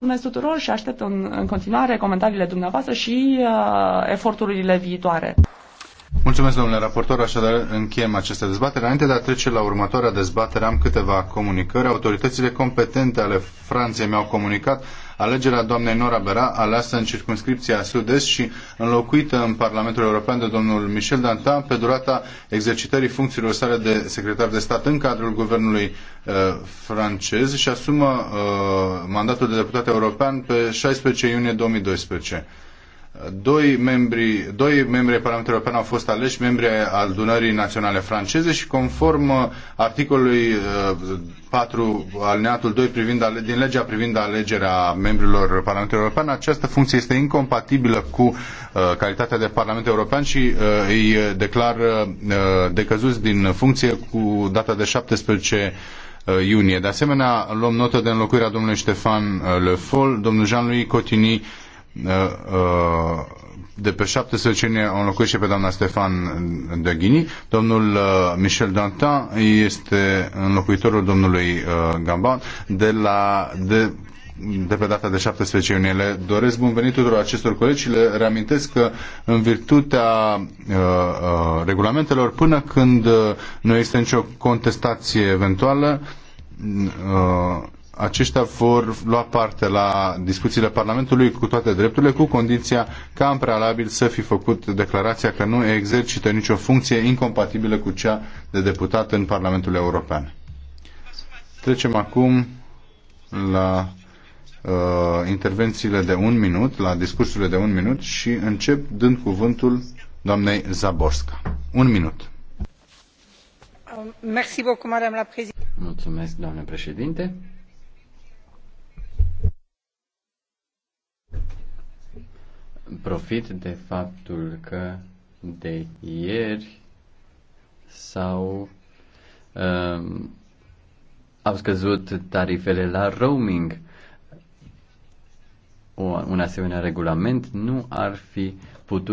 Mulțumesc tuturor și aștept în, în continuare comentariile dumneavoastră și uh, eforturile viitoare. Mulțumesc, domnule raportor. Așadar, încheiem această dezbatere. Înainte de a trece la următoarea dezbatere, am câteva comunicări. Autoritățile competente ale Franței mi-au comunicat alegerea doamnei Nora Bera, aleasă în circunscripția sud-est și înlocuită în Parlamentul European de domnul Michel Dantin pe durata exercitării funcțiilor sale de secretar de stat în cadrul guvernului uh, francez și asumă uh, mandatul de deputat european pe 16 iunie 2012. Doi membri, doi membri ai Parlamentului European au fost aleși membri al Dunării Naționale Franceze și conform uh, articolului 4 uh, alineatul 2 privind din legea privind alegerea membrilor Parlamentului European, această funcție este incompatibilă cu uh, calitatea de Parlament European și îi declar uh, decăzuți din funcție cu data de 17 iunie. De asemenea, luăm notă de înlocuirea domnului Ștefan Le Foll, domnul Jean-Louis Cotigny Uh, uh, de pe 17 iunie o înlocuiește pe doamna Stefan Ghini. Domnul uh, Michel Dantin este înlocuitorul domnului Gamban de la de, de pe data de 17 iunie. Le doresc bun venit tuturor acestor colegi și le reamintesc că în virtutea uh, uh, regulamentelor, până când uh, nu există nicio contestație eventuală, aceștia vor lua parte la discuțiile Parlamentului cu toate drepturile, cu condiția ca în prealabil să fi făcut declarația că nu exercită nicio funcție incompatibilă cu cea de deputat în Parlamentul European. Trecem acum la uh, intervențiile de un minut, la discursurile de un minut și încep dând cuvântul doamnei Zaborska. Un minut. Mulțumesc, doamne președinte. Profit de faptul că de ieri sau um, au scăzut tarifele la roaming. O, un asemenea regulament nu ar fi putut